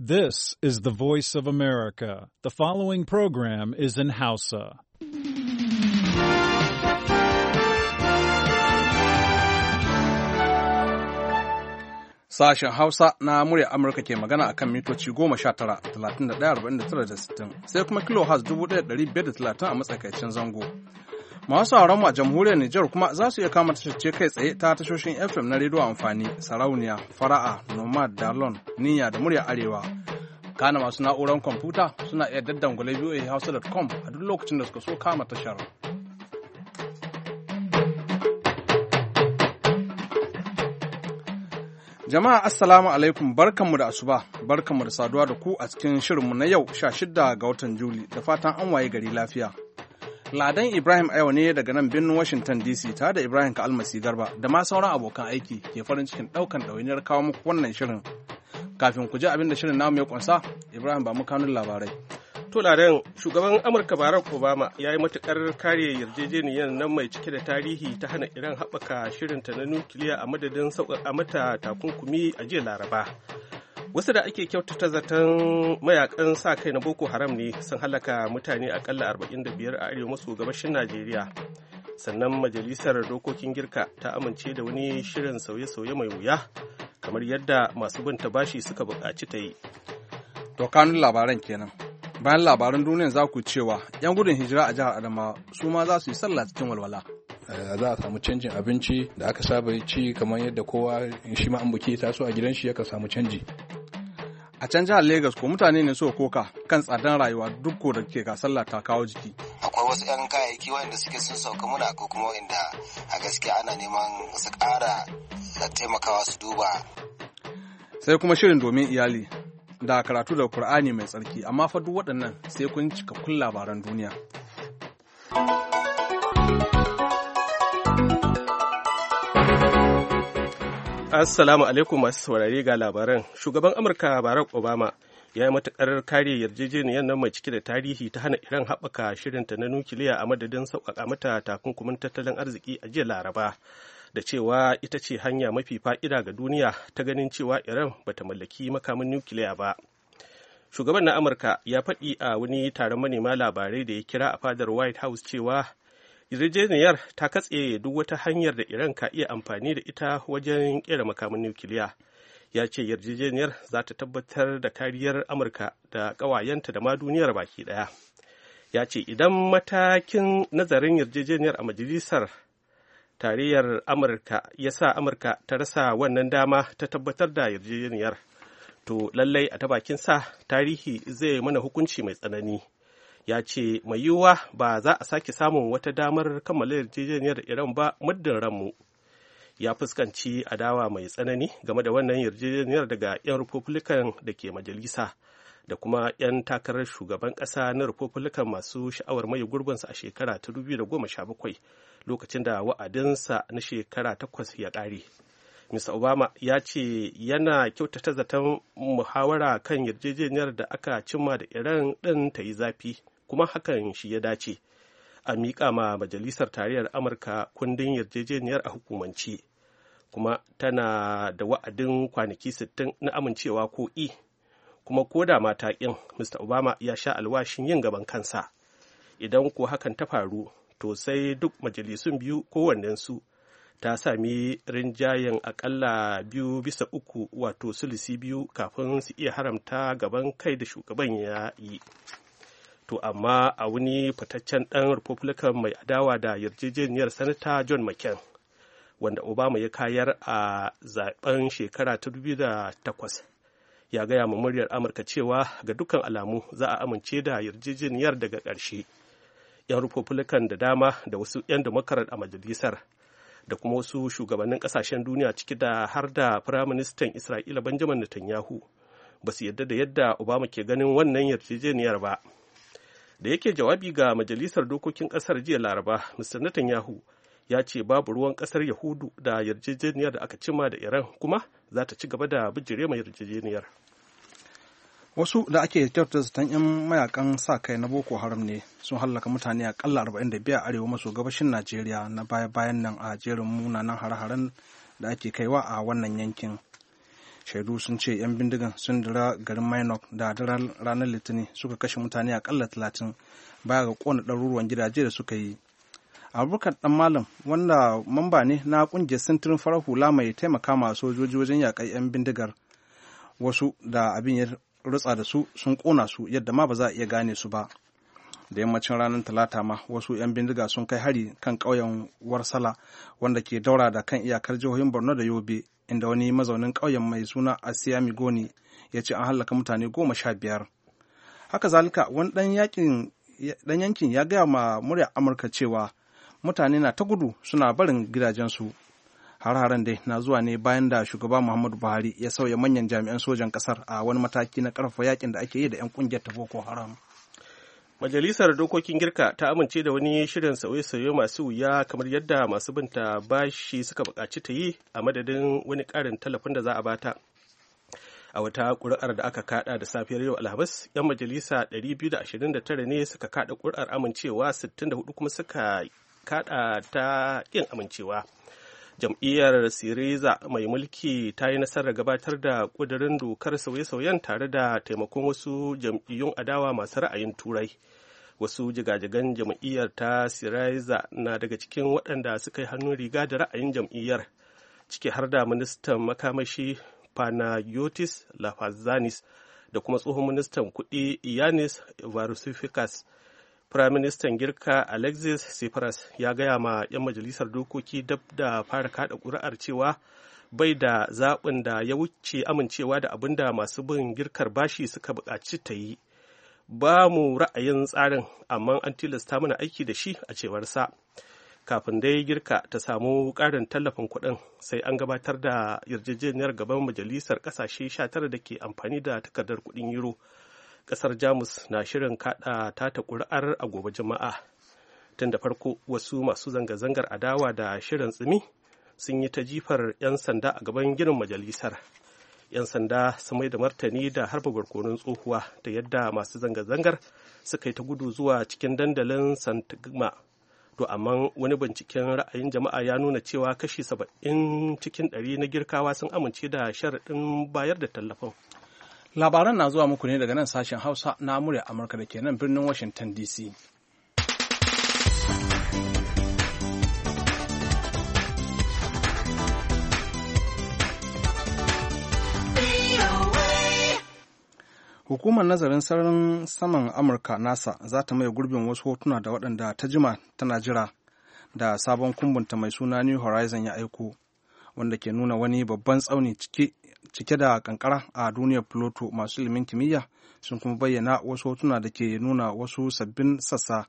This is the voice of America. The following program is in Hausa. Sashen Hausa na murya Amurka ke magana a kan mitoci da sittin, sai kuma da talatin a matsakaicin zango. Masu sauran a jamhuriyar Nijar kuma za su iya kama tashar kai tsaye ta tashoshin FM na rediyo amfani, sarauniya, fara'a, nomad, dalon, niyya da murya arewa. Kana masu na'urar kwamfuta suna iya daddan daddangula voahouse.com a duk lokacin da suka so kama tashar. Jama'a Assalamu alaikum barkanmu da asuba, barkanmu da saduwa da ku a cikin shirinmu na yau 16 ga watan Juli da fatan an waye gari lafiya. Ladan Ibrahim Ayo ne daga nan birnin Washington DC tare da Ibrahim Kalmasi Garba da ma sauran abokan aiki ke farin cikin ɗaukan ɗawainiyar kawo muku wannan shirin. Kafin ku ji abinda shirin namu ya kunsa, Ibrahim ba mu kanun labarai. To Ladan, shugaban Amurka Barack Obama ya yi matukar kare yarjejeniyar nan mai cike da tarihi ta hana Iran haɓaka shirinta na nukiliya a madadin sauƙaƙa mata takunkumi a jiya Laraba. wasu da ake kyautata zaton mayakan sa kai na boko haram ne sun halaka mutane akalla 45 a arewa maso gabashin najeriya sannan majalisar dokokin girka ta amince da wani shirin sauye-sauye mai wuya kamar yadda masu bin bashi suka buƙaci ta yi to kanun labaran kenan bayan labaran duniya za ku cewa 'yan gudun hijira a jihar adamawa su ma za su yi sallah cikin walwala eh, za a samu canjin abinci da aka saba ci kamar yadda kowa shi ma an buke taso a gidan shi yaka samu canji a can jihar Legas ko mutane ne suka koka kan tsadan rayuwa duk ko da ke gasar ta kawo jiki. Akwai wasu 'yan kayayyaki waɗanda suke sun sauka muna ko kuma waɗanda a gaskiya ana neman su ƙara da taimakawa su duba. Sai kuma shirin domin iyali da karatu da Kur'ani mai tsarki amma fa duk waɗannan sai kun cikakkun labaran duniya. Assalamu alaikum masu saurari ga labaran. Shugaban Amurka Barack Obama ya yi matukar kare yarjejeniyar nan mai cike da tarihi ta hana Iran haɓaka shirinta na nukiliya a madadin sauƙaƙa mata takunkumin tattalin arziki a jiya Laraba. Da cewa ita ce hanya mafi fa'ida ga duniya ta ganin cewa Iran bata mallaki makamin nukiliya ba. Shugaban na Amurka ya faɗi a wani taron manema labarai da ya kira a fadar White House cewa yarjejeniyar ta katse duk wata hanyar da iran ka iya amfani da ita wajen kera makaman nukiliya ya ce yarjejeniyar za ta tabbatar da kariyar amurka da ƙawayenta da ma duniyar baki ɗaya ya ce idan matakin nazarin yarjejeniyar a majalisar tariyar amurka ya sa amurka ta rasa wannan dama ta tabbatar da yarjejeniyar to lallai a ta bakin sa tarihi zai mana hukunci mai tsanani ya ce mai yiwuwa ba za a sake samun wata damar kammala yarjejeniyar iran ba muddin ranmu ya fuskanci adawa mai tsanani game da wannan yarjejeniyar daga 'yan republican da ke majalisa da kuma 'yan takarar shugaban ƙasa na republican masu sha'awar mai gurbinsa a shekara ta 2017 lokacin da wa'adinsa na shekara takwas ya ƙare Mr. Obama ya ce yana kyautata zaton muhawara kan yarjejeniyar da aka cimma da Iran ɗin ta yi zafi kuma hakan shi ya dace a miƙa ma majalisar tarayyar amurka kundin yarjejeniyar a hukumance kuma tana da wa'adin kwanaki 60 na amincewa ko i kuma ko da mata ƙin mr obama ya sha alwashin yin gaban kansa idan ko hakan ta faru to sai duk majalisun biyu kowannensu ta sami rinjayen akalla biyu bisa uku wato sulisi biyu kafin su iya haramta gaban kai da shugaban ya yi to amma a wani fitaccen ɗan republican mai adawa da yarjejeniyar sanata john mccain wanda obama ya kayar a zaben shekara ta 2008 ya gaya ma muryar amurka cewa ga dukkan alamu za a amince da yarjejeniyar daga ƙarshe 'yan republican da dama da wasu 'yan democrat a majalisar da kuma wasu shugabannin kasashen duniya ciki da har da firaministan isra'ila benjamin netanyahu ba su yadda da yadda obama ke ganin wannan yarjejeniyar ba da yake jawabi ga majalisar dokokin kasar jiya laraba mr netanyahu ya ce babu ruwan kasar yahudu da yarjejeniyar da aka cima da iran kuma za ta ci gaba da bijire mai yarjejeniyar wasu da ake kyautar zaton 'yan mayakan sa kai na boko haram ne sun hallaka mutane a kalla 45 a arewa maso gabashin najeriya na baya-bayan nan a jerin munanan hare-haren da ake kaiwa a wannan yankin shaidu sun ce 'yan bindigan sun dira garin minok da daren ranar litinin suka kashe mutane akalla talatin baya ga kona ɗaruruwan gidaje da suka yi abubakar dan malam wanda mamba ne na kungiyar sintirin farar hula mai taimaka ma sojoji wajen yaƙar 'yan bindigar wasu da abin ya rutsa da su sun kona su yadda ma ba za a iya gane su ba da yammacin ranar talata ma wasu 'yan bindiga sun kai hari kan ƙauyen warsala wanda ke daura da kan iyakar jihohin borno da yobe inda wani mazaunin ƙauyen mai suna asiya migoni ya ce an hallaka mutane goma sha biyar haka zalika wani ɗan yankin ya gaya ma murya amurka cewa mutane na ta gudu suna barin gidajensu har-haren dai na zuwa ne bayan da shugaba muhammadu buhari ya sauya manyan jami'an sojan Ƙasar a wani mataki na karfafa yakin da ake yi da 'yan kungiyar ta boko haram Majalisar Dokokin Girka ta amince da wani shirin sauye-sauye masu wuya kamar yadda masu binta bashi suka buƙaci ta yi a madadin wani ƙarin tallafin da za a bata. A wata ƙuri'ar da aka kaɗa da safiyar yau Alhamis, 'yan majalisa 229 ne suka kaɗa ƙuri'ar amincewa 64 kuma suka kaɗa ta ƙin amincewa. jam'iyyar siriza mai mulki ta yi nasarar gabatar da ƙudirin dokar sauye-sauyen tare da taimakon wasu jam'iyyun adawa masu ra'ayin turai wasu jigajigan jam'iyyar ta siriza na daga cikin waɗanda suka yi hannun riga da ra'ayin jam'iyyar ciki har da ministan makamashi Panagiotis lafazanis da kuma tsohon ministan kuɗi iyanis varusifikas Firaministan Girka Alexis Tsipras ya gaya ma 'yan majalisar dokoki dab da fara kada ƙuri'ar cewa bai da zaɓin da ya wuce amincewa da abin da masu bin girkar bashi suka buƙaci ta yi. Ba mu ra'ayin tsarin, amma an tilasta mana aiki da shi a cewar sa. Kafin dai girka ta samu ƙarin tallafin kuɗin sai an gabatar da yarjejeniyar gaban majalisar ƙasashe 19 da ke amfani da takardar kuɗin euro kasar jamus na shirin kada tata kuri'ar a gobe jama'a tun da farko wasu masu zanga-zangar adawa da shirin tsimi sun yi ta jifar 'yan sanda a gaban ginin majalisar 'yan sanda su mai da martani da harba barkonon tsohuwa da yadda masu zanga-zangar suka yi ta gudu zuwa cikin dandalin santigma to amma wani binciken ra'ayin jama'a ya nuna cewa kashi saba'in cikin ɗari na girkawa sun amince da sharaɗin bayar da tallafin Labaran na zuwa muku ne daga nan sashen Hausa na murya Amurka da ke nan birnin Washington DC. Hukumar nazarin sararin saman Amurka NASA za ta maye gurbin wasu hotuna da waɗanda ta jima tana jira da sabon kumbunta mai suna New Horizon ya aiko. wanda ke nuna wani babban tsauni cike da kankara a duniyar Pluto masu ilimin kimiyya sun kuma bayyana wasu hotuna da ke nuna wasu sabbin sassa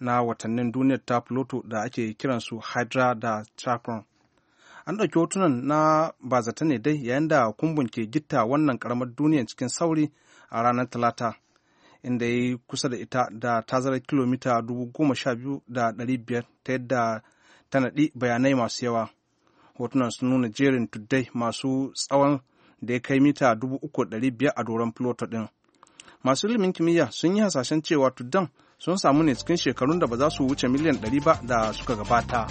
na watannin duniyar ta Pluto da ake kiransu Hydra da Charon. An ɗauki hotunan na bazata ne dai yayin da kumbun ke gitta wannan karamar duniyar cikin sauri a ranar Talata, inda ya yi kusa da ita da tazarar kilomita dubu sha biyu da ɗari biyar ta yadda ta naɗi bayanai masu yawa. hotunan sun nuna jerin tuddai masu tsawon da ya kai mita 3,500 a doron filoto ɗin. Masu ilimin kimiyya sun yi hasashen cewa tuddan sun samu ne cikin shekarun da ba za su wuce miliyan 100 ba da suka gabata.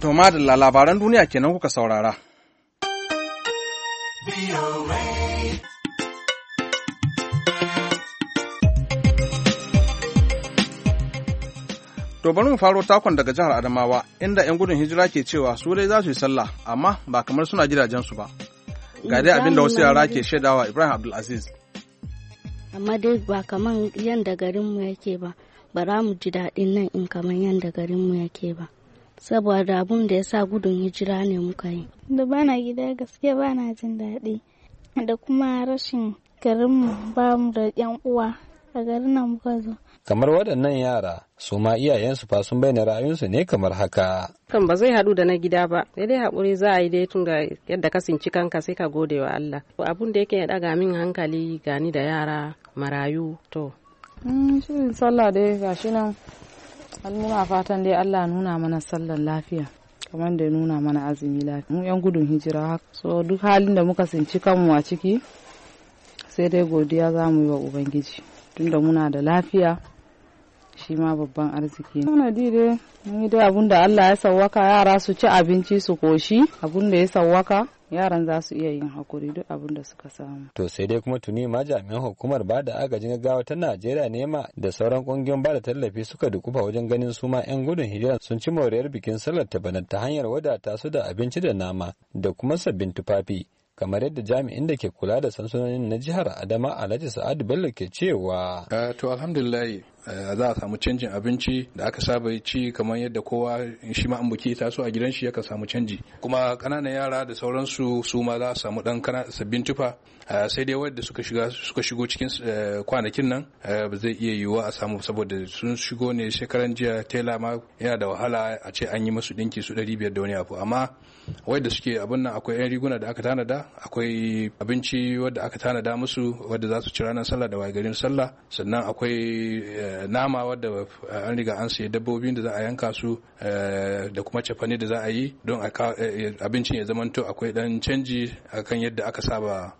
To da labaran duniya kenan kuka saurara. To bari mu faro takon daga jihar Adamawa inda 'yan gudun hijira ke cewa su dai za su yi sallah amma ba kamar suna gidajen su ba. Ga dai abin da wasu yara ke shaidawa Ibrahim Abdulaziz. Amma dai ba kamar yadda garinmu yake ba, ba za mu ji daɗin nan in kamar yadda garinmu yake ba. Saboda abun da ya sa gudun hijira ne muka yi. Da bana gida gaske bana jin daɗi. Da kuma rashin garinmu ba mu da 'yan uwa a garin nan kamar waɗannan yara su ma iyayensu fa sun bayyana ra'ayinsu ne kamar haka. Kan ba zai haɗu da na gida ba, sai dai haƙuri za a yi dai tun ga yadda ka sinci kanka sai ka gode wa Allah. Abun da yake ya ɗaga min hankali gani da yara marayu to. Mm, shirin sallah dai shi nan muna fatan dai Allah nuna mana sallar lafiya. kamar da nuna mana azumi lafiya mu yan gudun hijira so duk halin da muka sinci kanmu a ciki sai dai godiya za mu yi wa ubangiji tunda muna da lafiya shi ma babban arziki ne dire mun yi dai abun da Allah ya sawwaka yara su ci abinci su koshi abun da ya sawwaka yaran za su iya yin hakuri duk abin da suka samu. To sai dai kuma tuni ma jami'an hukumar ba da agajin gaggawa ta Najeriya ma da sauran kungiyoyin ba da tallafi suka dukufa wajen ganin su ma 'yan gudun hijira sun ci moriyar bikin sallar ta bana ta hanyar wadata su da abinci da nama da kuma sabbin tufafi. kamar yadda jami'in da ke kula da sansanonin na jihar adama alhaji sa'adu bello ke cewa eh, to alhamdulillah Eh, za a samu canjin abinci da aka saba ci kamar yadda kowa shi ma buki ta so a gidan shi yakan samu canji kuma kananan yara da sauransu su ma za a samu dan kana sabbin tufa eh, sai dai wanda suka shiga suka shigo cikin eh, kwanakin nan ba zai iya yiwuwa a samu saboda sun shigo ne shekaran jiya tela ma yana da wahala a ce an yi musu dinki su biyar da wani abu amma wanda suke abin nan akwai yan riguna da aka tanada akwai abinci wanda aka tanada musu wanda za su ci ranar sallah da wagarin sallah sannan akwai nama wadda eh, an riga an sayi dabbobin da za a yanka su eh, da kuma cefane da za a yi don eh, abincin ya zamanto akwai dan canji akan yadda aka saba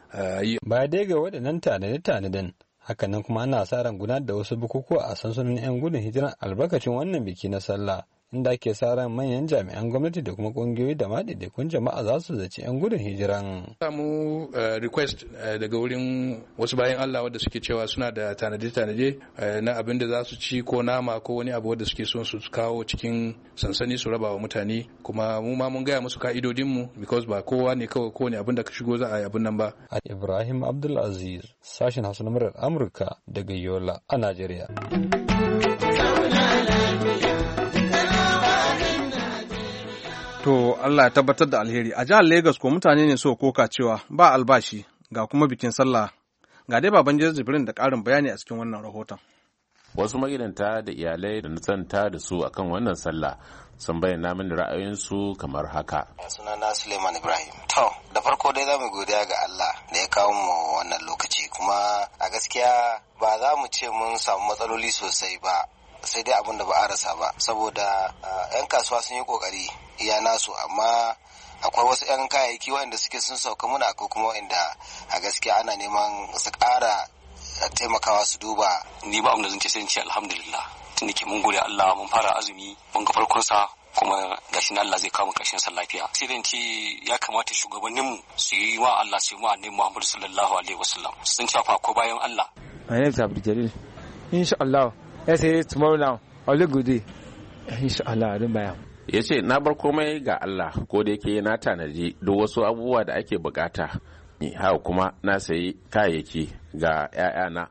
yi. Ba dai ga waɗannan tanade-tanaden hakanan kuma ana sa ran gudanar da wasu bukukuwa a sansanin 'yan gudun hijira albarkacin wannan biki na sallah. inda ake sa ran manyan jami'an gwamnati da kuma kungiyoyi da ma jama'a za su zaci 'yan gudun hijiran. samu eh, request eh, daga wurin wasu bayan Allah wadda suke cewa suna da tanade-tanade eh, na abin da za su ci ko nama ko wani abu wadda suke son su kawo cikin sansani su raba wa mutane kuma mu ma mun gaya musu ka'idodin mu because ba kowa ne kawai kowane abin da ka shigo za a yi abin nan ba. Ibrahim Abdulaziz sashen Hausa na Amurka daga Yola a Najeriya. To Allah ya tabbatar da alheri. A jihar Legas ko mutane ne so koka cewa ba albashi ga kuma bikin sallah. Ga dai baban jibrin da ƙarin bayani a cikin wannan rahoton. Wasu magidanta da iyalai da santa da su akan wannan sallah sun bayyana mini ra'ayinsu kamar haka. na Suleiman Ibrahim. To, da farko dai za mu godiya ga Allah da ya kawo mu wannan lokaci kuma a gaskiya ba za mu ce mun samu matsaloli sosai ba sai dai abin da ba a rasa ba saboda 'yan kasuwa sun yi kokari iya nasu amma akwai wasu 'yan kayayyaki waɗanda suke sun sauka muna akwai kuma waɗanda a gaskiya ana neman su ƙara taimakawa su duba ni ba da zan ce sai ce alhamdulillah tun ke mun gode Allah mun fara azumi mun ga farkon sa kuma gashi na Allah zai kawo karshen sa lafiya sai dan ce ya kamata shugabanninmu su yi wa Allah su yi wa annabi Muhammad sallallahu alaihi wasallam sun shafa ko bayan Allah my name Jalil insha Allah ya eh, tomorrow now all good day eh, insha Allah don bayan ya ce na bar komai ga Allah ko da yake na tanaji duk wasu abubuwa da ake bukata ha kuma na sayi kayayyaki ga ƴaƴana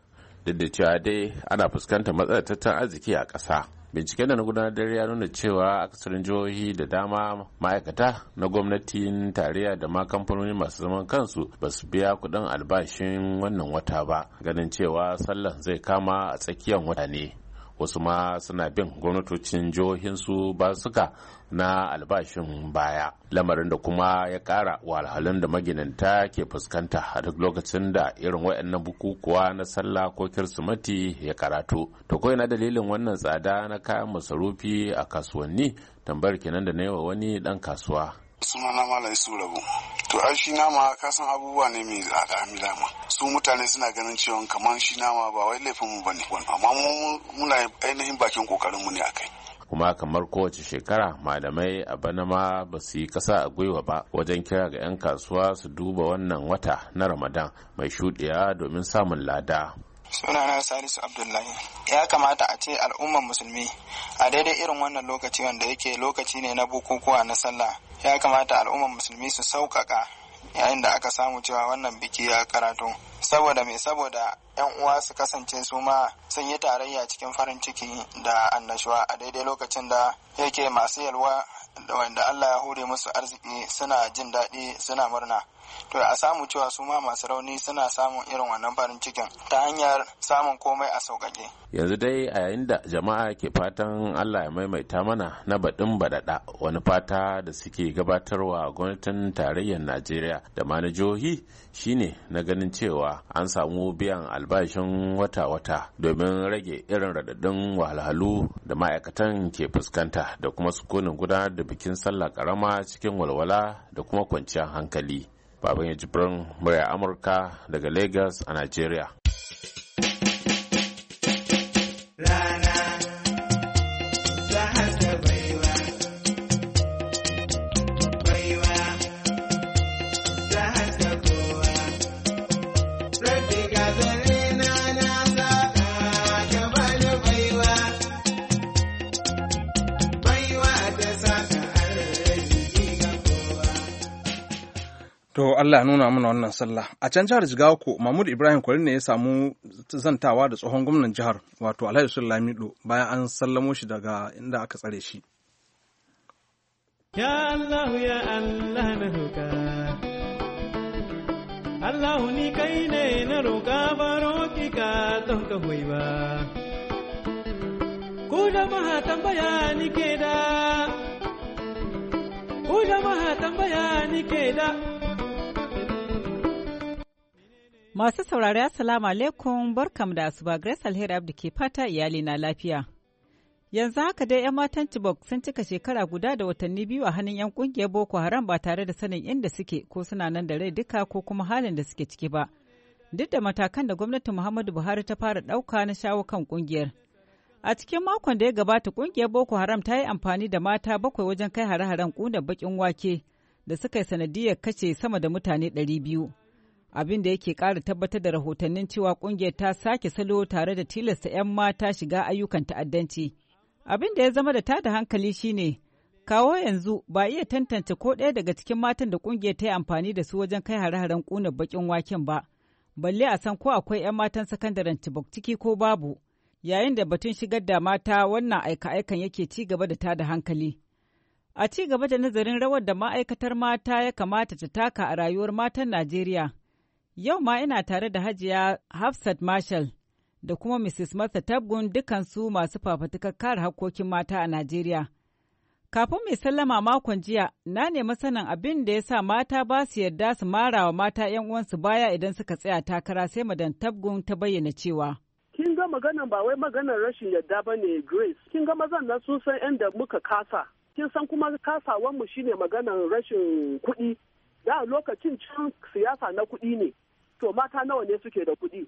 duk da cewa dai ana fuskantar matsalar tattalin arziki a ƙasa binciken da na gudanar da ya nuna cewa aksarin jihohi da dama ma'aikata na gwamnatin Tariya da ma kamfanoni masu zaman kansu ba su biya kudin albashin wannan wata ba ganin cewa sallan zai kama a tsakiyar wata ne wasu ma suna bin gwamnatocin jihohinsu ba suka na albashin baya lamarin da kuma ya kara wahalhalun da maginanta ke fuskanta a duk lokacin da irin waɗannan bukukuwa na sallah ko kirsimati ya karatu to ko na dalilin wannan tsada na kayan masarufi a kasuwanni tambayar kenan da na yi wa wani ɗan kasuwa sunana malam isu rabu to ai shi nama ka san abubuwa ne mai tsada mi dama su mutane suna ganin cewa kamar shi nama ba wai laifin mu bane amma muna ainihin bakin kokarin mu ne kai. kuma kamar kowace shekara malamai a bana ma ba su yi kasa a gwiwa ba wajen kira ga 'yan kasuwa su duba wannan wata na ramadan mai shuɗiya domin samun lada sunana salisu abdullahi ya kamata a ce al'umman musulmi a daidai irin wannan lokaci wanda yake lokaci ne na bukukuwa na sallah ya kamata al'umman musulmi su sauƙaƙa yayin da aka samu cewa wannan biki ya karatu saboda mai saboda yan uwa su kasance su ma sun yi tarayya cikin farin ciki da annashuwa a daidai lokacin da yake masu yalwa wanda Allah ya hure musu arziki suna jin daɗi suna murna to a samu cewa su ma masu rauni suna samun irin wannan farin cikin ta hanyar samun komai a sauƙaƙe. yanzu dai a yayin da jama'a ke fatan allah ya maimaita mana na baɗin baɗaɗa wani fata da suke gabatarwa gwamnatin tarayyar najeriya da ma shine na ganin cewa an samu biyan albashin wata-wata domin rage irin raɗaɗin wahalhalu da ma'aikatan ke fuskanta da kuma sukunin gudanar da bikin sallah karama cikin walwala da kuma kwanciyar hankali baban ya jibrin murya amurka daga lagos a nigeria Allah ya nuna mana wannan sallah. A can jihar Jigawa ko Mahmud Ibrahim Kwari ne ya samu zantawa da tsohon gwamnan jihar wato Alhaji Sulamido bayan an sallamo shi daga inda aka tsare shi. Ya Allah ya Allah na roƙa. Allah ni kai ne na roƙa baro ki ka don ka ba. Ku jama'a tambaya ni ke da. Ku jama'a tambaya ni ke da. Masu saurari Assalamu alaikum barkam da asuba Grace Alheri Abdi ke fata iyali na lafiya. Yanzu haka dai 'yan matan Chibok sun cika shekara guda da watanni biyu a hannun 'yan kungiyar Boko Haram ba tare da sanin inda suke ko suna nan da rai duka ko kuma halin da suke ciki ba. Duk da matakan da gwamnatin Muhammadu Buhari ta fara ɗauka na shawo kan kungiyar. A cikin makon da ya gabata kungiyar Boko Haram ta yi amfani da mata bakwai wajen kai hare-haren ƙunar bakin wake da suka yi sanadiyar kace sama da mutane ɗari biyu. abin da yake ƙara tabbatar da rahotannin cewa ƙungiyar ta sake salo tare da tilasta 'yan mata shiga ayyukan ta'addanci. Abin da ya zama da tada hankali shine kawo yanzu ba iya tantance ko ɗaya daga cikin matan da ƙungiyar ta yi amfani da su wajen kai hare-haren ƙunar baƙin waken ba, balle a san ko akwai 'yan matan sakandaren Chibok ciki ko babu, yayin da batun shigar da mata wannan aika-aikan yake ci gaba da tada hankali. A ci gaba da nazarin rawar da ma'aikatar mata ya kamata ta taka a rayuwar matan Najeriya, Yau ma ina tare da Hajiya Hafsat Marshall da kuma Mrs. Martha Tabgun dukansu masu fafatukar kare hakkokin mata a Najeriya. Kafin mai sallama makon jiya, na nemi sanin abin da ya sa mata ba su yarda su mara wa mata 'yan uwansu baya idan suka tsaya takara sai madan tabgun ta bayyana cewa. Kin ga maganan ba wai maganar rashin yarda ba ne Grace. Kin ga mazan na sun san inda muka kasa. Kin san kuma kasawanmu shine maganar rashin kuɗi. Da lokacin can siyasa na kuɗi ne. to mata nawa ne suke da kuɗi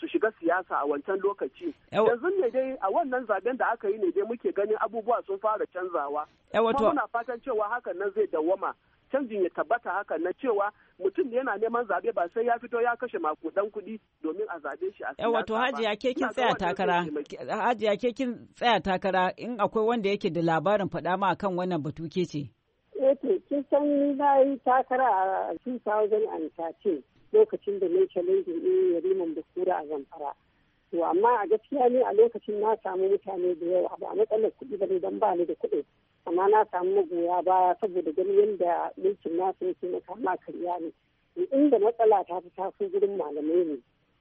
su shiga siyasa a wancan lokaci. Yanzu ne dai a wannan zaben da aka yi ne dai muke ganin abubuwa sun fara canzawa. Kuma muna fatan cewa hakan nan zai dawwama. Canjin ya tabbata hakan na cewa mutum yana neman zabe ba sai ya fito ya kashe makudan kuɗi domin a zabe shi a siyasa. Wato Hajiya ke kin tsaya takara. Hajiya ke kin tsaya takara in akwai wanda yake da labarin faɗa ma akan wannan batu ke ce. Eh kin san na yi takara a 2013. lokacin da na challenge din yariman bakura a zamfara to amma a gaskiya ne a lokacin na samu mutane da yawa ba a matsalar kuɗi ba ne don ba ni da kuɗi amma na samu magoya baya saboda ganin yadda mulkin nasu yake na kama karya ne inda matsala ta fi taso gurin malamai ne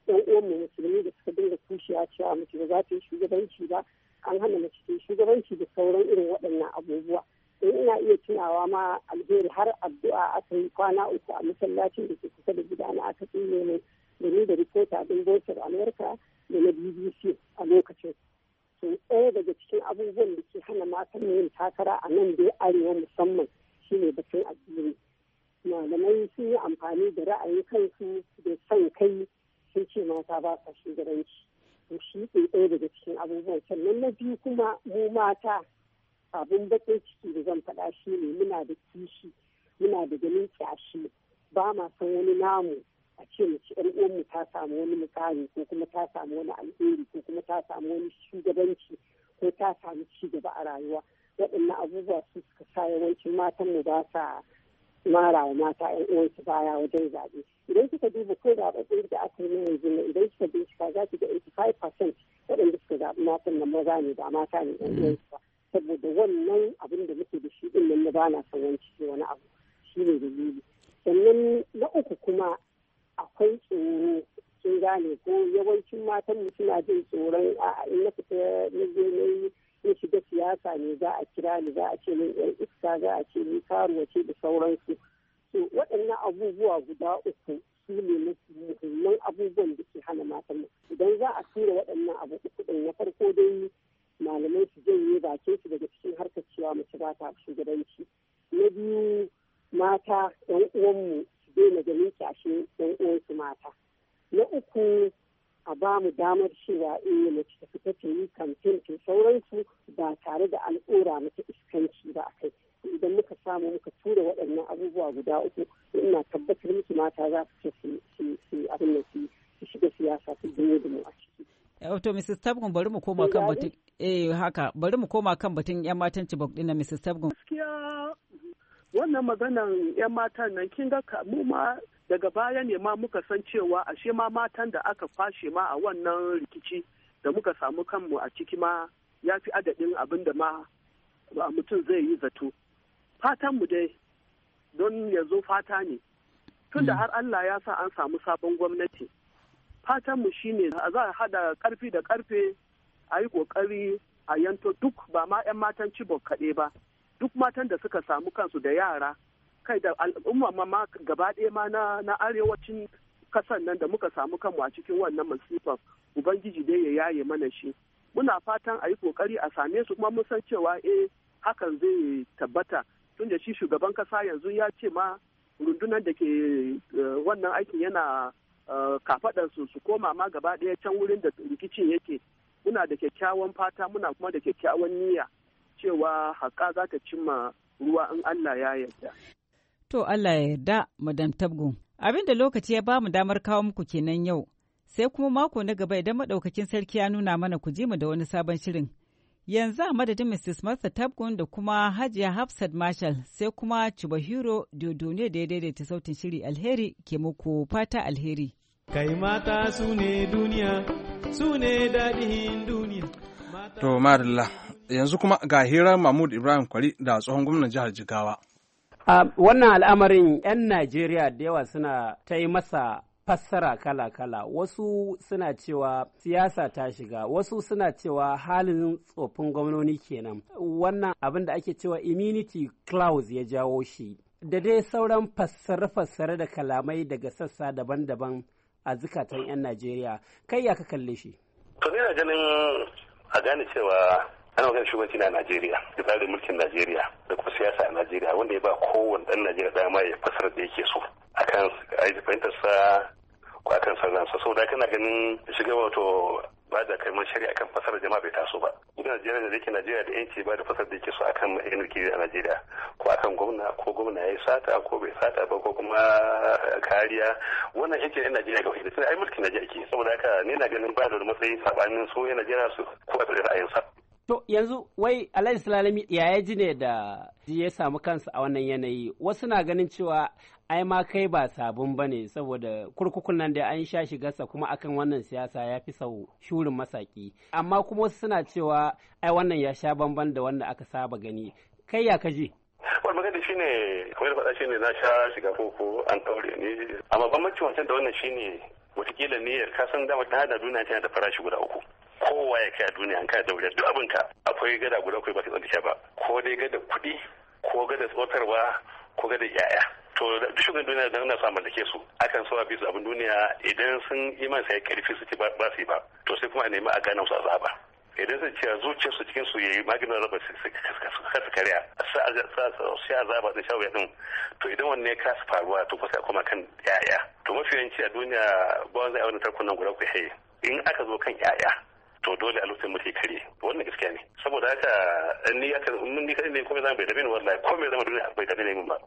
yan uwan mu musulmi da suka dinga kushiya cewa mace ba za ta yi shugabanci ba an hana mace shugabanci da sauran irin waɗannan abubuwa sai ina iya tunawa ma alheri har addu'a aka yi kwana uku a masallacin da ke kusa da gidana aka tsine ne da ni da rikota din bosir amurka da na bbc a lokacin to ɗaya daga cikin abubuwan da ke hana matan yin takara a nan dai arewa musamman shine batun addini malamai sun yi amfani da ra'ayin kansu da son kai sun ce mata ba sa shugabanci to shi ɗaya daga cikin abubuwan sannan na biyu kuma mu mata abin baƙin ciki da zan faɗa shi ne muna da kishi muna da ganin kyashi ba ma san wani namu a ce mace yan uwanmu ta samu wani misali ko kuma ta samu wani alheri ko kuma ta samu wani shugabanci ko ta samu ci gaba a rayuwa waɗannan abubuwa su suka sa yawancin matan mu ba sa mara wa mata yan uwansu baya wajen zaɓe idan kika duba ko zaɓaɓɓen da aka yi yanzu idan kika bincika za ki ga 85% waɗanda suka zaɓi matan nan maza ne ba mata ne yan uwansu ba saboda wannan abin da muke da shi din nan na bana son wani wani abu shi ne dalili sannan na uku kuma akwai tsoro sun gane ko yawancin matan mu suna jin tsoron a in fita na je na yi in shiga siyasa ne za a kira ni za a ce ni yan iska za a ce ni karuwa ce da sauransu to waɗannan abubuwa guda uku su ne muhimman abubuwan da ke hana matan mu idan za a tura waɗannan abu uku ɗin na farko dai malamai su janye bakin su daga cikin harkar cewa mace ba ta shugabanci na biyu mata yan uwanmu su daina ganin kyashe yan uwansu mata na uku a ba mu damar cewa eh mace ta fita ta yi kamfen ta sauransu ba tare da an ɗora mata iskanci ba a kai idan muka samu muka tura waɗannan abubuwa guda uku ina tabbatar miki mata za su ce su abin da su shiga siyasa su biyo da mu a ciki Eh, to Mrs. Tabgun bari mu koma kan batun eh haka bari mu koma kan batun yan matan Mrs. Tabgun. Gaskiya wannan maganan yan matan nan kin ga mu ma daga baya ne ma muka san cewa ashe ma matan da aka kwashe ma a wannan rikici da muka samu kanmu a ciki ma ya fi adadin abin da ma mutum zai yi zato. fatan mu dai don yanzu fata ne. Tunda mm. har Allah ya sa an samu sabon gwamnati. fatanmu shine za a hada karfi da karfe a yi kokari a yanto duk ba ma 'yan matan cibok kaɗe ba duk matan da suka samu kansu da yara kai da al'umma ma gaba ma na arewacin kasan nan da muka samu kanmu a cikin wannan masifar ubangiji dai ya yaye mana shi muna fatan a yi kokari a same su kuma mun san cewa eh hakan zai tabbata tun da shi shugaban kasa yanzu ya ce ma rundunar da ke eh, wannan aikin yana Eh, kafaɗarsu su koma ma gaba ɗaya can wurin da rikicin yake muna da kyakkyawan fata muna kuma da kyakkyawan niyya cewa haƙa za ta cimma ruwa in Allah ya yarda. To Allah ya yarda, Madam Tabgun. Abin da lokaci ya bamu damar kawo muku kenan yau, sai kuma mako na gaba idan maɗaukakin sarki ya nuna mana ku ji mu da wani sabon shirin. Yanzu a madadin Mrs. Martha Tabgun da kuma Hajiya Hafsat Marshall sai kuma Chubahiro Dodone da ya daidaita sautin shiri alheri ke muku fata alheri. kai mata su ne duniya su ne daɗin duniya to marilla yanzu kuma ga hirar mahmud ibrahim kwari da tsohon gwamnan jihar jigawa a wannan al'amarin 'yan najeriya da yawa suna ta yi masa fassara kala-kala wasu suna cewa siyasa ta shiga wasu suna cewa halin tsofin gwamnoni kenan wannan abin da ake cewa immunity clause ya jawo shi da dai sauran fassare-fassare da kalamai daga sassa daban-daban a zukatan 'yan Najeriya kai ya ka kalle shi. To ina ganin a gane cewa ana magana shugabanci na Najeriya da tsarin mulkin Najeriya da kuma siyasa a Najeriya wanda ya ba kowane ɗan Najeriya dama ya fasar da yake so akan fahimtar sa ko akan sauransa saboda kana ganin shiga wato ba da kai shari'a kan fasar jama'a bai taso ba idan najeriya da yake najeriya da yanci ba da fasar da yake so akan yanarki a najeriya ko akan gwamna ko gwamna ya yi sata ko bai sata ba ko kuma kariya wannan yanci na najeriya ga wani ai mulkin najeriya ke saboda haka ni na ganin ba da matsayin sabanin so yan najeriya su ko a ra'ayinsa To yanzu wai Alhaji Salalami ya ji ne da ya samu kansa a wannan yanayi wasu na ganin cewa ai ma kai ba sabon ba ne saboda kurkukun nan da an sha shigarsa kuma akan wannan siyasa ya fi sau shurin masaki amma kuma wasu suna cewa ai wannan ya sha bamban da wanda aka saba gani kai ya ka ji. wani magana ne kamar faɗa ne na sha shiga koko an ɗaure ne amma bambancin wancan da wannan ne watakila ne ka san dama ta hada duniya tana da farashi guda uku kowa ya kai a duniya an da wuri duk abin ka akwai gada guda akwai ba ta tsallake ba ko dai gada kuɗi ko gada tsotarwa ko gada yaya to shugaban duniya da na da ke su akan so a bi su abin duniya idan sun yi sai karfi su ci ba su yi ba to sai kuma a nemi a gane su azaba idan sun ce zuciyar su cikin su yayi maganin raba su kasu kariya sai zaba da shawo din to idan wanne ya su faruwa to kuma kuma kan yaya to mafi yawanci a duniya ba wanda ya wani tarkunan guda ku in aka zo kan yaya to dole a lokacin mutum kare wannan gaskiya ne saboda haka ni aka mun ni kare ne komai zan bai dabe ni wallahi komai zama duniya bai dabe ne mun ba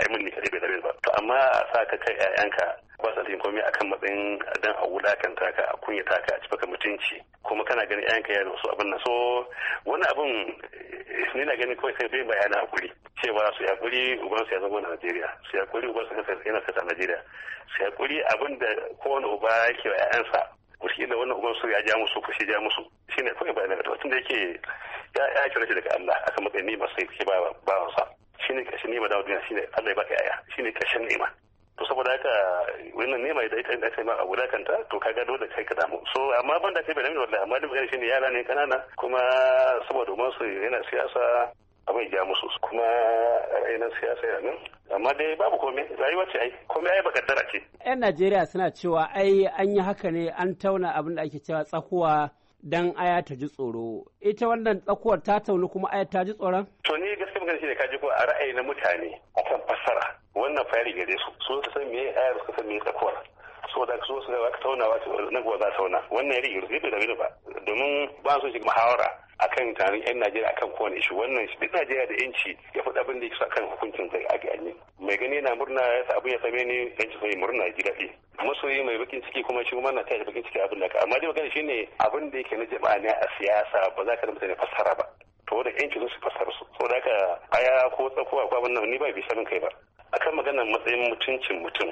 ai mun ni kare bai dabe ba to amma a sa ka kai ƴaƴanka ba sa jin komai akan matsayin dan a wulakanta ka a kunya ka a ci mutunci kuma kana ganin ƴaƴanka ya wasu abin nan so wani abin ni na ganin kawai sai bai bayana hakuri cewa su yakuri uban su ya zama Najeriya su yakuri uban su yana na Najeriya su yakuri abin da kowane uba yake wa ƴaƴansa wataƙila wannan uban su ya ja musu ko shi ja musu shi ne kawai bayanin da tun da yake ya ya kira shi daga Allah aka matsayin ni sai ke ba ba sa shi ne kashin ba da duniya shi ne Allah ya baka yaya shi ne ni ma. to saboda haka wannan mai da ita da aka yi ma abu kanta to ka ga dole kai ka damu so amma ban da kai bai da wallahi amma duk shi ne yara ne kanana kuma saboda uban su yana siyasa abin ja musu kuma ra'ayin siyasa ya nan amma dai babu komai rayuwa ce ai komai ai dara ce yan najeriya suna cewa ai an yi haka ne an tauna abin da ake cewa tsakuwa dan aya ta ji tsoro ita wannan tsakuwar ta tauni kuma aya ta ji tsoron to ni gaskiya magana shine kaji ko a ra'ayi na mutane akan fassara wannan fayari gare su so su san meye aya su san meye tsakuwar saboda so su ga ka tauna wa na gwa za tauna wannan ya rige rufe da ba domin ba su shi muhawara akan tarin yan najeriya akan kowane ishu wannan duk najeriya da yanci ya faɗi abin da ya kan hukuncin zai ake anyi. mai gani na murna ya sa abin ya same ni yanci sai murna ya ji daɗi masoyi mai bakin ciki kuma shi kuma na yi bakin ciki abin da ka amma dai magana shine abin da yake na jama'a ne a siyasa ba za ka da mutane fassara ba to da yanci su fassara su da haka aya ko tsakuwa ko abin nan ni ba bi sanin kai ba akan maganar matsayin mutuncin mutum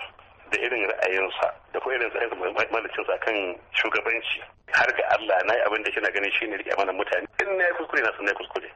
da irin ra'ayinsa da kuma irin mai malacinsa kan shugabanci har ga Allah na yi abin da kina ganin shine rike mana mutane in na yi kuskure na san na kuskure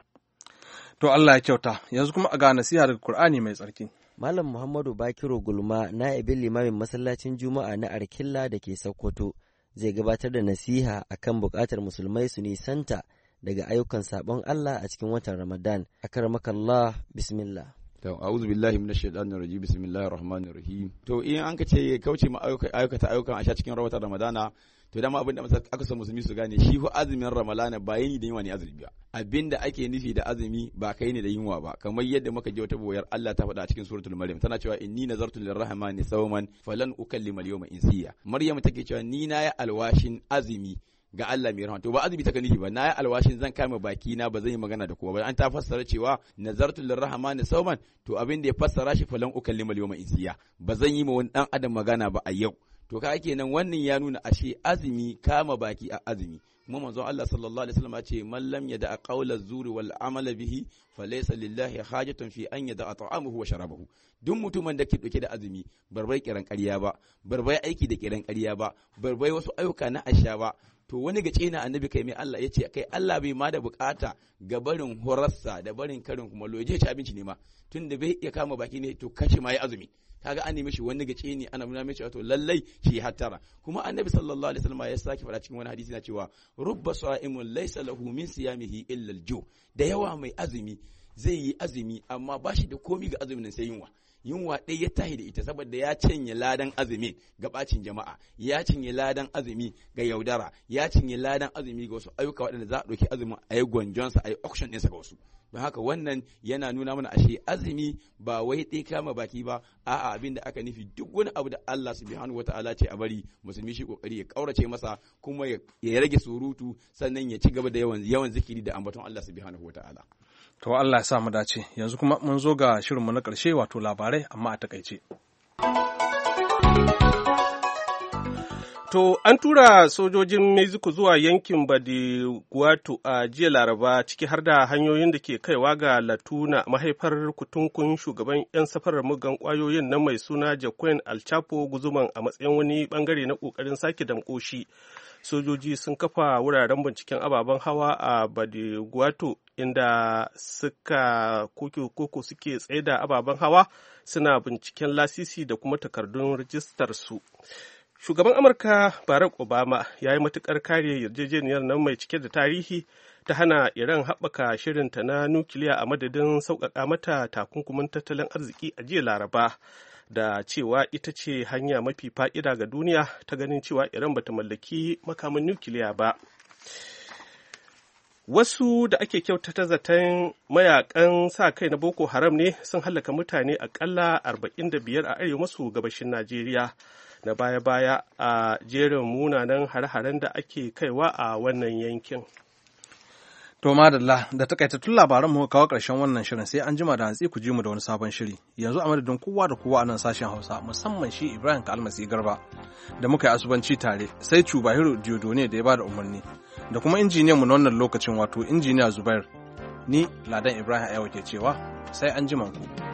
to Allah ya kyauta yanzu kuma a ga nasiha daga Kur'ani mai tsarki Malam Muhammadu Bakiro Gulma na ibin limamin masallacin Juma'a na Arkilla da ke Sokoto zai gabatar da nasiha akan buƙatar musulmai su nisanta daga ayyukan sabon Allah a cikin watan Ramadan. Akarmakallah bismillah. to a'udhu billahi minash shaitanir rajim bismillahir rahmanir rahim to in an ka ce kauce ma aikata ayyukan asha cikin rawata ramadana to dama abin da aka san musulmi su gane shi ko azumin ramadana ba yini da yunwa ne azumi ba abinda ake nufi da azumi ba kai ne da yunwa ba kamar yadda muka ji wata boyar Allah ta faɗa a cikin suratul maryam tana cewa inni nazartu lirrahmani sawman falan ukallima al-yawma insiya maryam take cewa ni na ya alwashin azumi ga Allah mai rahama to ba azumi take nihi ba nayi alwashin zan kame baki na ba zan yi magana da kowa ba an ta fassara cewa nazartu lirrahmani sauman to abin da ya fassara shi falan ukallima al-yawma insiya ba zan yi ma wani dan adam magana ba a yau to ka kenan wannan ya nuna ashe azumi kama baki a azumi kuma manzo Allah sallallahu alaihi wasallam ce man lam yada qawla zuri wal amala bihi falaysa lillahi hajatun fi an yada ta'amuhu wa sharabahu duk mutumin da ke dauke da azumi barbai kiran karya ba barbai aiki da kiran karya ba barbai wasu ayyuka na asha ba to wani ga cina annabi kai mai Allah ya ce kai Allah bai ma da bukata ga barin horarsa da barin karin kuma loje ci abinci ne ma tun da bai iya kama baki ne to kashi ma ya azumi kaga an nemi shi wani ga cini ana nuna mai cewa lallai shi hattara kuma annabi sallallahu alaihi wasallam ya sake fara cikin wani hadisi na cewa rubba sa'imun laysa lahu min siyamihi illa al da yawa mai azumi zai yi azumi amma ba shi da komi ga azumin sai yunwa yunwa ɗaya ya tahi da ita saboda ya cinye ladan azumi ga bacin jama'a ya cinye ladan azumi ga yaudara ya cinye ladan azumi ga wasu ayyuka waɗanda za a ɗauki azumin a yi gwanjonsa a yi auction ɗinsa ga wasu don haka wannan yana nuna mana ashe azumi ba wai ɗaya kama baki ba a'a abin da aka nufi duk wani abu da Allah subhanahu wataala ce a bari musulmi shi kokari ya kaurace masa kuma ya rage surutu sannan ya ci gaba da yawan yawan zikiri da ambaton Allah subhanahu wataala To Allah ya sa mu dace, yanzu kuma mun zo ga shirinmu na ƙarshe wato labarai amma a takaice. To an tura sojojin Mexico zuwa yankin Badiguato a jiya Laraba ciki har da hanyoyin da ke kaiwa ga Latuna mahaifar kutunkun shugaban 'yan safarar mugan kwayoyin na mai suna Jacqueline Alchapo guzuman a matsayin wani bangare na ƙoƙarin sake damƙoshi. sojoji sun kafa wuraren binciken ababen hawa a badiguato inda suka koko suke tsaida ababen hawa suna binciken lasisi da kuma takardun rijistar su shugaban amurka barack obama ya yi matukar kare yarjejeniyar nan mai cike da tarihi ta hana iran haɓaka shirinta na nukiliya a madadin sauƙaƙa mata takunkumin tattalin arziki a jiya laraba da cewa ita ce hanya mafi fa'ida ga duniya ta ganin cewa iran bata mallaki makamin nukiliya ba wasu da ake kyautata zaton mayakan sa kai na boko haram ne sun hallaka mutane akalla 45 a arewa maso gabashin najeriya na baya-baya a jerin munanan hare-haren da ake kaiwa a wannan yankin. To madalla da takaitattun labaran mu kawo ƙarshen wannan shirin sai an jima da hantsi ku ji mu da wani sabon shiri. Yanzu a madadin kowa da kowa a nan sashen Hausa musamman shi Ibrahim Kalmasi Garba da muka yi asubanci tare sai diodo ne da ya bada umarni da kuma injiniyan mu na wannan lokacin wato injiniya Zubair. Ni Ladan Ibrahim Ayawa ke cewa sai an jima ku.